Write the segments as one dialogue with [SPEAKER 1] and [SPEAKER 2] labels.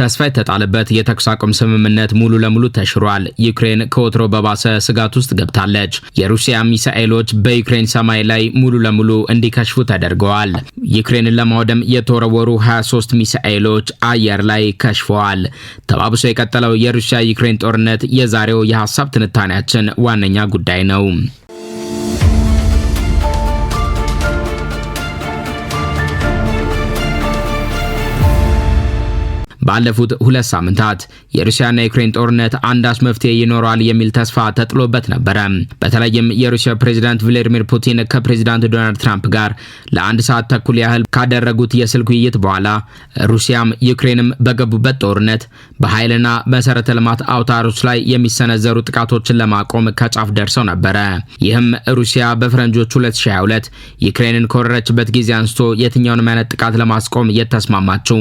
[SPEAKER 1] ተስፋ የተጣለበት የተኩስ አቁም ስምምነት ሙሉ ለሙሉ ተሽሯል። ዩክሬን ከወትሮ በባሰ ስጋት ውስጥ ገብታለች። የሩሲያ ሚሳኤሎች በዩክሬን ሰማይ ላይ ሙሉ ለሙሉ እንዲከሽፉ ተደርገዋል። ዩክሬንን ለማውደም የተወረወሩ 23 ሚሳኤሎች አየር ላይ ከሽፈዋል። ተባብሶ የቀጠለው የሩሲያ ዩክሬን ጦርነት የዛሬው የሀሳብ ትንታኔያችን ዋነኛ ጉዳይ ነው። ባለፉት ሁለት ሳምንታት የሩሲያና የዩክሬን ጦርነት አንዳች መፍትሄ ይኖረዋል የሚል ተስፋ ተጥሎበት ነበረ። በተለይም የሩሲያ ፕሬዚዳንት ቭላዲሚር ፑቲን ከፕሬዚዳንት ዶናልድ ትራምፕ ጋር ለአንድ ሰዓት ተኩል ያህል ካደረጉት የስልክ ውይይት በኋላ ሩሲያም ዩክሬንም በገቡበት ጦርነት በኃይልና መሰረተ ልማት አውታሮች ላይ የሚሰነዘሩ ጥቃቶችን ለማቆም ከጫፍ ደርሰው ነበረ። ይህም ሩሲያ በፈረንጆች 2022 ዩክሬንን ከወረረችበት ጊዜ አንስቶ የትኛውንም አይነት ጥቃት ለማስቆም የተስማማችው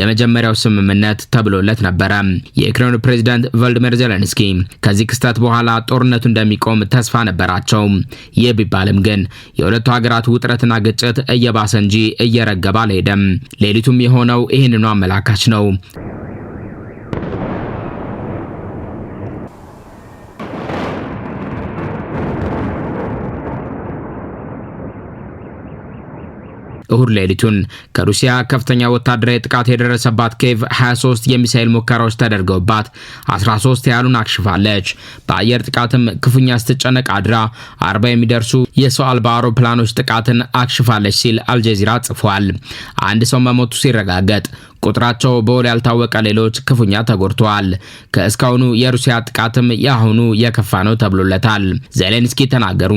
[SPEAKER 1] የመጀመሪያው ስምምነት ስምምነት ተብሎለት ነበረ። የዩክሬኑ ፕሬዚዳንት ቮልዲሚር ዜሌንስኪ ከዚህ ክስተት በኋላ ጦርነቱ እንደሚቆም ተስፋ ነበራቸው። ይህ ቢባልም ግን የሁለቱ ሀገራት ውጥረትና ግጭት እየባሰ እንጂ እየረገበ አልሄደም። ሌሊቱም የሆነው ይህንኑ አመላካች ነው። እሁድ ሌሊቱን ከሩሲያ ከፍተኛ ወታደራዊ ጥቃት የደረሰባት ኬቭ 23 የሚሳኤል ሙከራዎች ተደርገውባት 13 ያሉን አክሽፋለች። በአየር ጥቃትም ክፉኛ ስትጨነቅ አድራ 40 የሚደርሱ የሰው አልባ አውሮፕላኖች ጥቃትን አክሽፋለች ሲል አልጀዚራ ጽፏል። አንድ ሰው መሞቱ ሲረጋገጥ ቁጥራቸው በውል ያልታወቀ ሌሎች ክፉኛ ተጎድተዋል። ከእስካሁኑ የሩሲያ ጥቃትም የአሁኑ የከፋ ነው ተብሎለታል። ዜሌንስኪ ተናገሩ።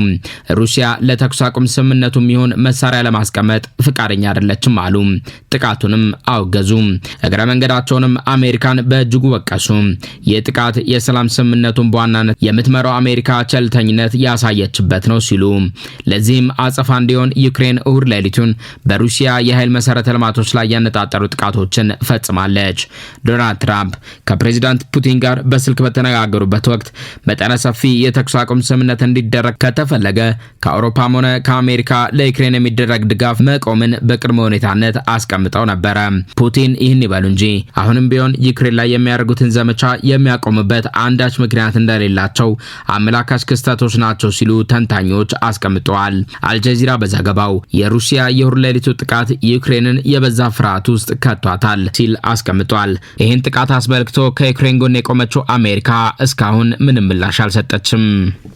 [SPEAKER 1] ሩሲያ ለተኩስ አቁም ስምምነቱ የሚሆን መሳሪያ ለማስቀመጥ ፍቃደኛ አይደለችም አሉ። ጥቃቱንም አውገዙ። እግረ መንገዳቸውንም አሜሪካን በእጅጉ ወቀሱ። ይህ ጥቃት የሰላም ስምምነቱን በዋናነት የምትመራው አሜሪካ ቸልተኝነት ያሳየችበት ነው ሲሉ ለዚህም አጸፋ እንዲሆን ዩክሬን እሁድ ሌሊቱን በሩሲያ የኃይል መሰረተ ልማቶች ላይ ያነጣጠሩ ጥቃቶች ድርጊቶችን ፈጽማለች። ዶናልድ ትራምፕ ከፕሬዚዳንት ፑቲን ጋር በስልክ በተነጋገሩበት ወቅት መጠነ ሰፊ የተኩስ አቁም ስምምነት እንዲደረግ ከተፈለገ ከአውሮፓም ሆነ ከአሜሪካ ለዩክሬን የሚደረግ ድጋፍ መቆምን በቅድመ ሁኔታነት አስቀምጠው ነበረ። ፑቲን ይህን ይበሉ እንጂ አሁንም ቢሆን ዩክሬን ላይ የሚያደርጉትን ዘመቻ የሚያቆሙበት አንዳች ምክንያት እንደሌላቸው አመላካች ክስተቶች ናቸው ሲሉ ተንታኞች አስቀምጠዋል። አልጀዚራ በዘገባው የሩሲያ የሁለሊቱ ጥቃት ዩክሬንን የበዛ ፍርሃት ውስጥ ከቷታል ይገባታል ሲል አስቀምጧል። ይህን ጥቃት አስመልክቶ ከዩክሬን ጎን የቆመችው አሜሪካ እስካሁን ምንም ምላሽ አልሰጠችም።